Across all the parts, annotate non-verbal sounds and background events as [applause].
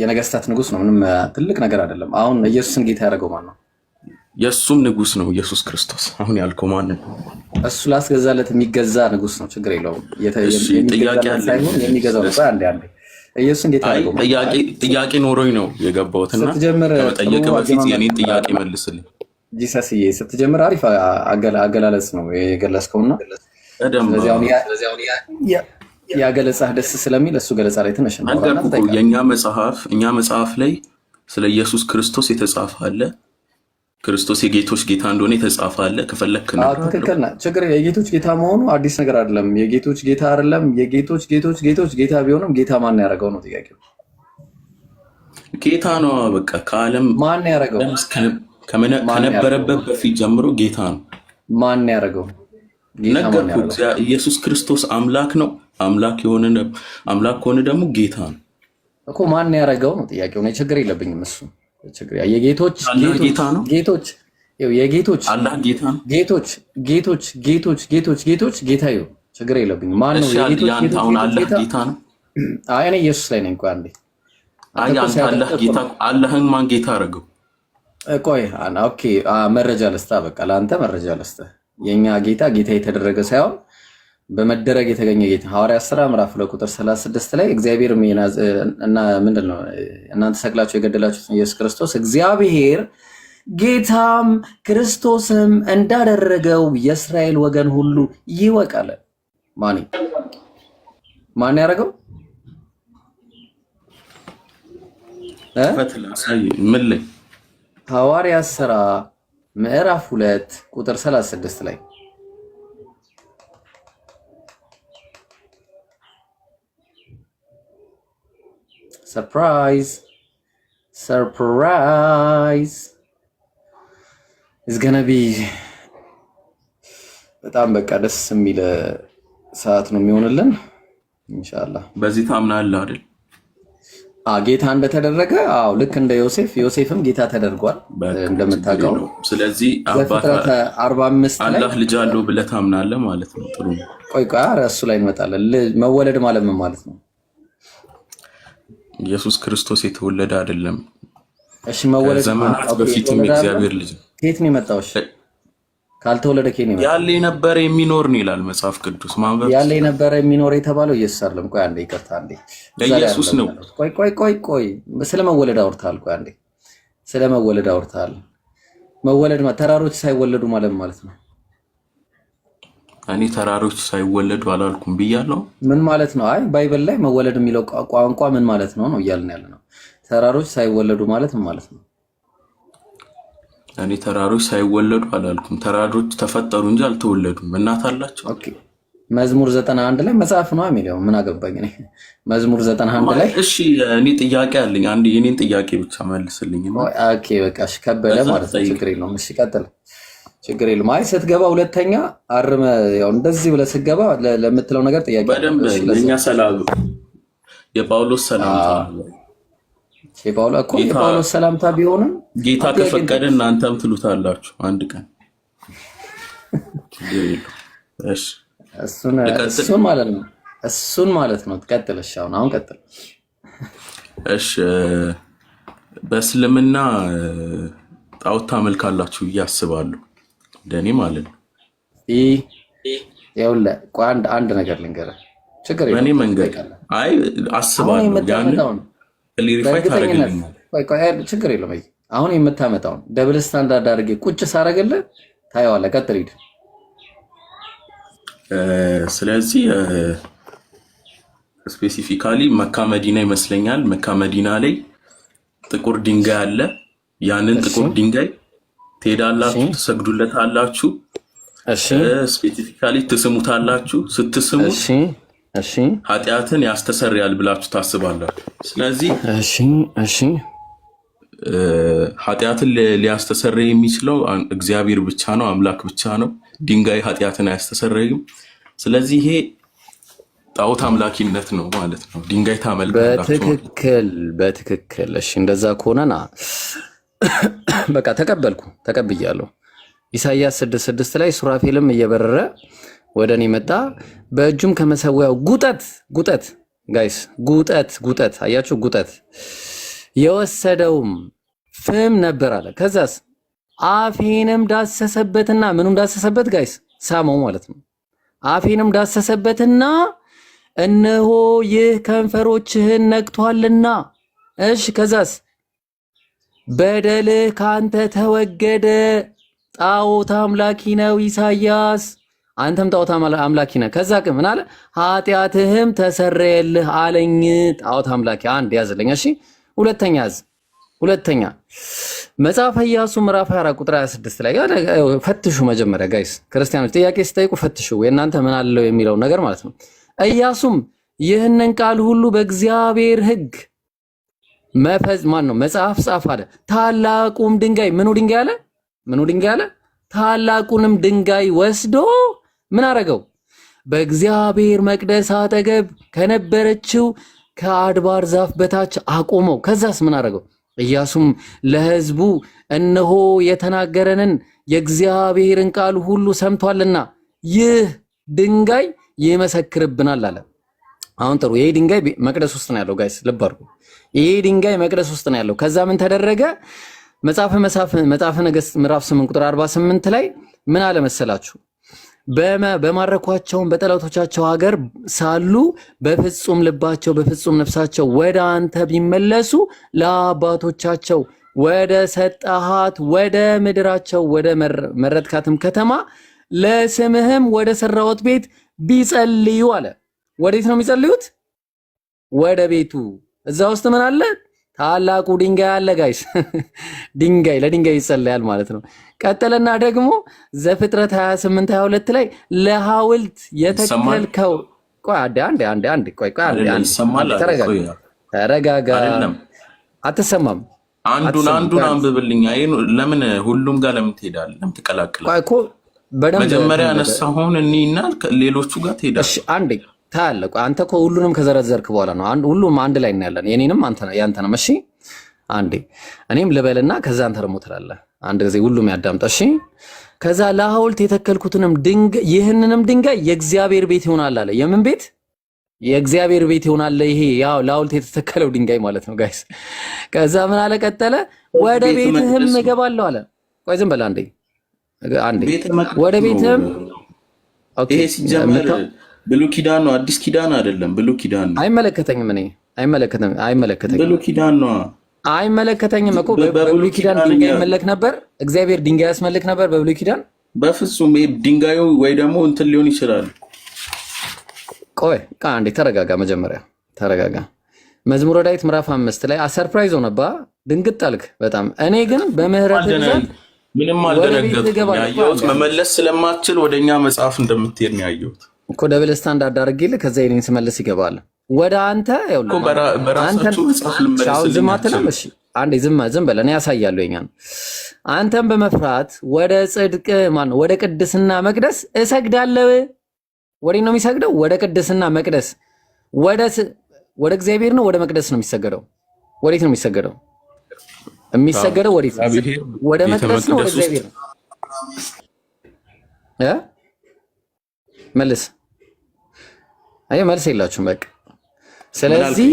የነገስታት ንጉስ ነው። ምንም ትልቅ ነገር አይደለም። አሁን ኢየሱስን ጌታ ያደረገው ማን ነው? የእሱም ንጉስ ነው ኢየሱስ ክርስቶስ። አሁን ያልከው ማን ነው? እሱ ላስገዛለት የሚገዛ ንጉስ ነው። ችግር የለውም። የሚገዛው ንጉስ አንድ ያለ ኢየሱስን ጌታ ያደረገው ጥያቄ ኖሮኝ ነው የገባሁትና ከመጠየቅ በፊት የኔን ጥያቄ መልስልኝ። ጂሰስዬ ስትጀምር አሪፍ አገላለጽ ነው የገለጽከውና ያ ገለጻህ ደስ ስለሚል እሱ ገለጻ ላይ ትነሽ የእኛ መጽሐፍ እኛ መጽሐፍ ላይ ስለ ኢየሱስ ክርስቶስ የተጻፈ አለ። ክርስቶስ የጌቶች ጌታ እንደሆነ የተጻፈ አለ። ከፈለክ ትክክል ነህ። ችግር የጌቶች ጌታ መሆኑ አዲስ ነገር አይደለም። የጌቶች ጌታ አይደለም። የጌቶች ጌቶች ጌቶች ጌታ ቢሆንም ጌታ ማን ያደረገው ነው ጥያቄው። ጌታ ነው በቃ ከዓለም ማን ያደረገው ከነበረበት በፊት ጀምሮ ጌታ ነው። ማን ያደረገው ነገርኩህ። ኢየሱስ ክርስቶስ አምላክ ነው። አምላክ የሆነ አምላክ ከሆነ ደግሞ ጌታ ነው እኮ። ማን ያደረገው ነው ጥያቄው። እኔ ችግር የለብኝም። እሱ የጌቶች ጌታ ነው። ጌቶች የጌቶች ጌቶች ጌቶች ጌቶች ጌቶች ጌቶች ጌታ ይኸው፣ ችግር የለብኝም። ማን ነው የጌቶች ጌታ ነው? አይ እኔ ኢየሱስ ላይ ነኝ። አንዴ አይ አንተ አላህ ጌታ አላህን ማን ጌታ አደረገው? ቆይ ኦኬ፣ መረጃ ልስጥህ። በቃ ለአንተ መረጃ ልስጥህ። የእኛ ጌታ ጌታ የተደረገ ሳይሆን በመደረግ የተገኘ ጌታ ሐዋርያት ሥራ ምዕራፍ ሁለት ቁጥር 36 ላይ እግዚአብሔር እና ምንድን ነው እናንተ ሰቅላችሁ የገደላችሁትን ኢየሱስ ክርስቶስ እግዚአብሔር ጌታም ክርስቶስም እንዳደረገው የእስራኤል ወገን ሁሉ ይወቃል። ማን ማን ያደረገው? ሐዋርያት ሥራ ምዕራፍ ሁለት ቁጥር 36 ላይ ሰርፕራይዝ ሰርፕራይዝ ዝገነቢ በጣም በቃ ደስ የሚል ሰዓት ነው የሚሆንልን። እንሻላ በዚህ ታምናለህ አይደል? ጌታ እንደተደረገ አዎ፣ ልክ እንደ ዮሴፍ ዮሴፍም ጌታ ተደርጓል እንደምታውቀው። ስለዚህ አላህ ልጅ አለው ብለህ ታምናለህ ማለት ነው። ጥሩ ቆይ ቆይ፣ ኧረ እሱ ላይ እንመጣለን። መወለድ ማለት ምን ማለት ነው? ኢየሱስ ክርስቶስ የተወለደ አይደለም። እሺ መወለድ ዘመናት በፊትም እግዚአብሔር ልጅ ከየት ነው የመጣው? እሺ ካልተወለደ ከየት ነው ያለ የነበረ የሚኖር ነው ይላል መጽሐፍ ቅዱስ። ማንበብ ያለ የነበረ የሚኖር የተባለው ኢየሱስ አይደለም። ቆይ አንዴ፣ ይቅርታ አንዴ፣ ለኢየሱስ ነው። ቆይ ቆይ ቆይ ቆይ፣ ስለ መወለድ አውርታል። ቆይ አንዴ፣ ስለ መወለድ አውርታል። መወለድ ተራሮች ሳይወለዱ ማለት ማለት ነው እኔ ተራሮች ሳይወለዱ አላልኩም ብያለው። ምን ማለት ነው? አይ ባይበል ላይ መወለድ የሚለው ቋንቋ ምን ማለት ነው ነው እያልን ያለ ነው። ተራሮች ሳይወለዱ ማለት ምን ማለት ነው? እኔ ተራሮች ሳይወለዱ አላልኩም። ተራሮች ተፈጠሩ እንጂ አልተወለዱም። እናት አላቸው። መዝሙር ዘጠና አንድ ላይ መጽሐፍ ነው የሚለው ምን አገባኝ እኔ። መዝሙር ዘጠና አንድ ላይ እሺ፣ እኔ ጥያቄ አለኝ። አንድ የኔን ጥያቄ ብቻ መልስልኝ። ኦኬ በቃ ከበደ ማለት ነው። ችግር የለውም። እሺ ቀጥል። ችግር የለም። አይ ስትገባ ሁለተኛ አርመ ያው እንደዚህ ብለህ ስትገባ ለምትለው ነገር ጥያቄ በደንብ እኛ ሰላም የጳውሎስ ሰላምታ የጳውሎ እኮ የጳውሎስ ሰላምታ ቢሆንም ጌታ ከፈቀደ እናንተም ትሉታላችሁ አንድ ቀን እሱን ማለት ነው። እሱን ማለት ነው። ቀጥለሽ አሁን አሁን ቀጥል። እሺ በእስልምና ጣዖት ታመልካላችሁ እያስባለሁ ለእኔ ማለት ነው። ይኸውልህ አንድ አንድ ነገር ልንገርህ፣ ችግር በእኔ መንገድ አይ አስባለሁ፣ ችግር የለም። አሁን የምታመጣውን ደብል ስታንዳርድ አድርጌ ቁጭ ሳደርግልህ ታየዋለህ። ቀጥል ሂድ። ስለዚህ ስፔሲፊካሊ መካ መዲና ይመስለኛል። መካ መዲና ላይ ጥቁር ድንጋይ አለ። ያንን ጥቁር ድንጋይ ትሄዳላችሁ፣ ትሰግዱለታላችሁ፣ ስፔሲፊካሊ ትስሙታላችሁ። ስትስሙት ኃጢአትን ያስተሰርያል ብላችሁ ታስባላችሁ። ስለዚህ ኃጢአትን ሊያስተሰርይ የሚችለው እግዚአብሔር ብቻ ነው፣ አምላክ ብቻ ነው። ድንጋይ ኃጢአትን አያስተሰረይም። ስለዚህ ይሄ ጣዖት አምላኪነት ነው ማለት ነው። ድንጋይ ታመልክ። በትክክል በትክክል። እሺ እንደዛ ከሆነና [coughs] በቃ ተቀበልኩ፣ ተቀብያለሁ። ኢሳያስ ስድስት ስድስት ላይ ሱራፌልም እየበረረ ወደ እኔ መጣ፣ በእጁም ከመሰዊያው ጉጠት ጉጠት ጋይስ ጉጠት ጉጠት አያችሁ፣ ጉጠት የወሰደውም ፍም ነበር አለ። ከዛስ አፌንም ዳሰሰበትና ምኑም ዳሰሰበት ጋይስ ሳመው ማለት ነው። አፌንም ዳሰሰበትና እነሆ ይህ ከንፈሮችህን ነክቷልና። እሺ ከዛስ በደልህ ካንተ ተወገደ። ጣዖት አምላኪ ነው ኢሳያስ፣ አንተም ጣዖት አምላኪ ነህ። ከዛ ቅም ምን አለ? ኃጢአትህም ተሰረየልህ አለኝ። ጣዖት አምላኪ አንድ ያዝልኝ። እሺ፣ ሁለተኛ ያዝ። ሁለተኛ መጽሐፈ ኢያሱ ምዕራፍ 24 ቁጥር 26 ላይ ፈትሹ። መጀመሪያ ጋይስ ክርስቲያኖች ጥያቄ ሲጠይቁ ፈትሹ፣ የእናንተ ምን አለው የሚለው ነገር ማለት ነው። ኢያሱም ይህንን ቃል ሁሉ በእግዚአብሔር ሕግ መፈዝ ማን ነው? መጽሐፍ ጻፍ አለ። ታላቁም ድንጋይ ምኑ ድንጋይ አለ? ምኑ ድንጋይ አለ? ታላቁንም ድንጋይ ወስዶ ምን አረገው? በእግዚአብሔር መቅደስ አጠገብ ከነበረችው ከአድባር ዛፍ በታች አቆመው። ከዛስ ምን አረገው? ኢያሱም ለህዝቡ እነሆ የተናገረንን የእግዚአብሔርን ቃል ሁሉ ሰምቷልና ይህ ድንጋይ ይመሰክርብናል አለ። አሁን ጥሩ። ይሄ ድንጋይ መቅደስ ውስጥ ነው ያለው። ጋይስ ልብ አድርጉ። ይሄ ድንጋይ መቅደስ ውስጥ ነው ያለው። ከዛ ምን ተደረገ? መጽሐፈ መሳፍንት መጽሐፈ ነገሥት ምዕራፍ 8 ቁጥር 48 ላይ ምን አለ መሰላችሁ? በማረኳቸውን በጠላቶቻቸው ሀገር ሳሉ በፍጹም ልባቸው በፍጹም ነፍሳቸው ወደ አንተ ቢመለሱ ለአባቶቻቸው ወደ ሰጠሃት ወደ ምድራቸው ወደ መረጥካትም ከተማ ለስምህም ወደ ሰራሁት ቤት ቢጸልዩ አለ። ወዴት ነው የሚጸልዩት? ወደ ቤቱ። እዛ ውስጥ ምን አለ? ታላቁ ድንጋይ አለ። ጋይስ [laughs] ድንጋይ ለድንጋይ ይጸለያል ማለት ነው። ቀጠለና ደግሞ ዘፍጥረት 28 22 ላይ ለሐውልት የተከልከው ቆይ አንዴ አንዴ አንዴ አንዴ ቆይ ቆይ አንዴ አንዴ ተረጋጋ ተረጋጋ። አትሰማም? አንዱን አንዱን አንብብልኛ። አይ ለምን ሁሉም ጋር ለምን ትሄዳለህ? ለምን ትቀላቅላለህ? ቆይ እኮ በደምብ መጀመሪያ አነሳሁን እኒና ሌሎቹ ጋር ትሄዳለህ። እሺ አንዴ ታያለህ። አንተ እኮ ሁሉንም ከዘረዘርክ በኋላ ነው ሁሉም አንድ ላይ እናያለን። የኔንም ያንተንም። እሺ አንዴ እኔም ልበልና ከዛ አንተ ደግሞ ትላለህ። አንድ ጊዜ ሁሉም ያዳምጠ። እሺ ከዛ ለሐውልት የተከልኩትንም ድንጋይ ይህንንም ድንጋይ የእግዚአብሔር ቤት ይሆናል አለ። የምን ቤት? የእግዚአብሔር ቤት ይሆናል። ይሄ ያው ለሐውልት የተተከለው ድንጋይ ማለት ነው ጋይስ። ከዛ ምን አለ ቀጠለ፣ ወደ ቤትህም እገባለሁ አለ። ቆይ ዝም በል አንዴ አንዴ፣ ወደ ቤትህም ይሄ ሲጀምር ብሉ ኪዳን ነው፣ አዲስ ኪዳን አይደለም። ብሉ ኪዳን ነው። አይመለከተኝም፣ እኔ አይመለከተኝም፣ አይመለከተኝም። ብሉ ኪዳን ነው። አይመለከተኝም እኮ በብሉ ኪዳን ድንጋይ ይመለክ ነበር፣ እግዚአብሔር ድንጋይ ያስመልክ ነበር በብሉ ኪዳን። በፍጹም ይሄ ድንጋዩ ወይ ደግሞ እንትን ሊሆን ይችላል። ቆይ አንዴ ተረጋጋ፣ መጀመሪያ ተረጋጋ። መዝሙረ ዳዊት ምዕራፍ አምስት ላይ ሰርፕራይዝ ሆነባ፣ ድንግጥ አልክ በጣም። እኔ ግን በምህረት ብዛት ምንም አልደነገጥኩም። ያየሁት መመለስ ስለማትችል ወደኛ መጽሐፍ እንደምትሄድ ነው ያየሁት እኮ ደብል ስታንዳርድ አድርጌል ከዛ የኔን ስመልስ ይገባል ወደ አንተ ዝም አትልም። እሺ አንዴ ዝም ዝም በለን ያሳያሉ የኛን አንተን በመፍራት ወደ ጽድቅ ማለት ወደ ቅድስና መቅደስ እሰግዳለሁ። ወደ ነው የሚሰግደው ወደ ቅድስና መቅደስ ወደ እግዚአብሔር ነው ወደ መቅደስ ነው የሚሰገደው። ወዴት ነው የሚሰገደው? የሚሰገደው ወዴት? ወደ መቅደስ ነው ወደ እግዚአብሔር ነው መልስ አይ መልስ የላችሁም በቃ። ስለዚህ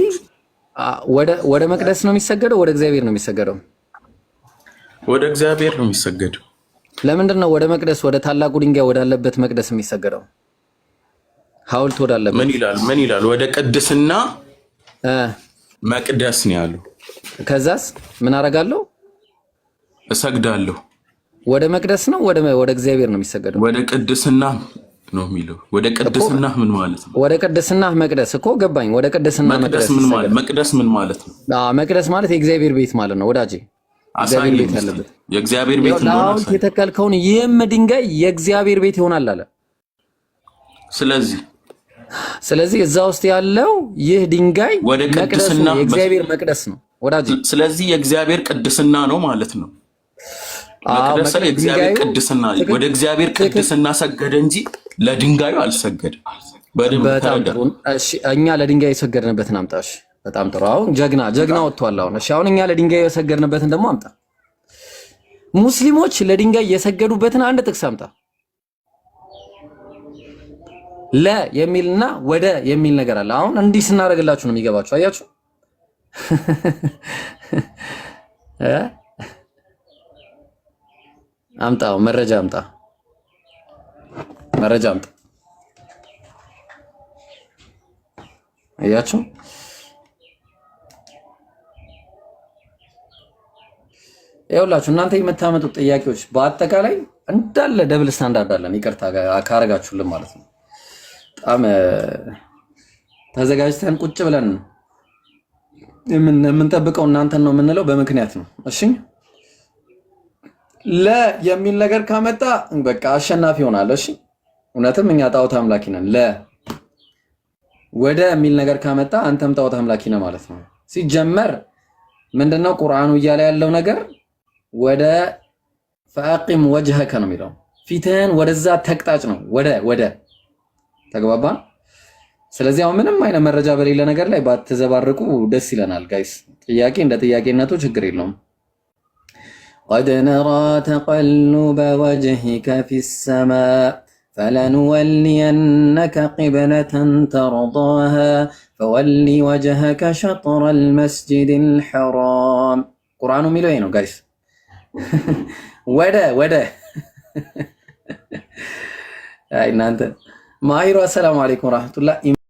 ወደ መቅደስ ነው የሚሰገደው? ወደ እግዚአብሔር ነው የሚሰገደው? ወደ እግዚአብሔር ነው የሚሰገደው። ለምንድን ነው ወደ መቅደስ ወደ ታላቁ ድንጋይ ወዳለበት መቅደስ የሚሰገደው? ሐውልት ወዳለበት ምን ይላል? ምን ይላል? ወደ ቅድስና መቅደስ ነው ያለው። ከዛስ ምን አደርጋለሁ? እሰግዳለሁ። ወደ መቅደስ ነው ወደ እግዚአብሔር ነው የሚሰገደው? ወደ ቅድስና ነው የሚለው። ወደ ቅድስና ምን ማለት ነው? ወደ ቅድስና መቅደስ እኮ ገባኝ። ወደ ቅድስና መቅደስ ምን ማለት ነው? መቅደስ ማለት የእግዚአብሔር ቤት ማለት ነው ወዳጄ። የእግዚአብሔር ቤት ዳዊት የተከልከውን ይህም ድንጋይ የእግዚአብሔር ቤት ይሆናል አለ። ስለዚህ ስለዚህ እዛ ውስጥ ያለው ይህ ድንጋይ ወደ ቅድስና የእግዚአብሔር መቅደስ ነው ወዳጄ። ስለዚህ የእግዚአብሔር ቅድስና ነው ማለት ነው። መቅደስ ላይ እግዚአብሔር ቅድስና ወደ እግዚአብሔር ቅድስና ሰገደ እንጂ ለድንጋዩ አልሰገድም። እኛ ለድንጋይ የሰገድንበትን አምጣሽ። በጣም ጥሩ። አሁን ጀግና ጀግና ወጥቷል። አሁን እሺ፣ አሁን እኛ ለድንጋይ የሰገድንበትን ደግሞ አምጣ። ሙስሊሞች ለድንጋይ የሰገዱበትን አንድ ጥቅስ አምጣ። ለ የሚልና ወደ የሚል ነገር አለ። አሁን እንዲህ ስናደርግላችሁ ነው የሚገባችሁ። አያችሁ [laughs] አምጣ፣ መረጃ አምጣ፣ መረጃ አምጣ። እያቸው ይኸውላችሁ እናንተ የምታመጡት ጥያቄዎች በአጠቃላይ እንዳለ ደብል ስታንዳርድ አለን። ይቅርታ ካረጋችሁልን ማለት ነው። በጣም ተዘጋጅተን ቁጭ ብለን የምንጠብቀው እናንተን ነው የምንለው በምክንያት ነው። እሺ ለ የሚል ነገር ካመጣ በቃ አሸናፊ ሆናል። እሺ እውነትም እኛ ጣዖት አምላኪ ነን። ለ ወደ የሚል ነገር ካመጣ አንተም ጣዖት አምላኪ ነህ ማለት ነው። ሲጀመር ምንድነው ቁርአኑ እያለ ያለው ነገር ወደ ፈአቂም ወጅሀከ ነው የሚለው ፊትህን ወደዛ ተቅጣጭ ነው። ወደ ወደ ተግባባ። ስለዚህ አሁን ምንም አይነት መረጃ በሌለ ነገር ላይ ባትዘባርቁ ደስ ይለናል ጋይስ። ጥያቄ እንደ ጥያቄነቱ ችግር የለውም። قد نرى تقلب وجهك في السماء فلنولينك قبلة ترضاها فول وجهك شطر المسجد الحرام قرآن ميلوينو guys ودا ودا هاي نانت ماهر السلام عليكم ورحمة الله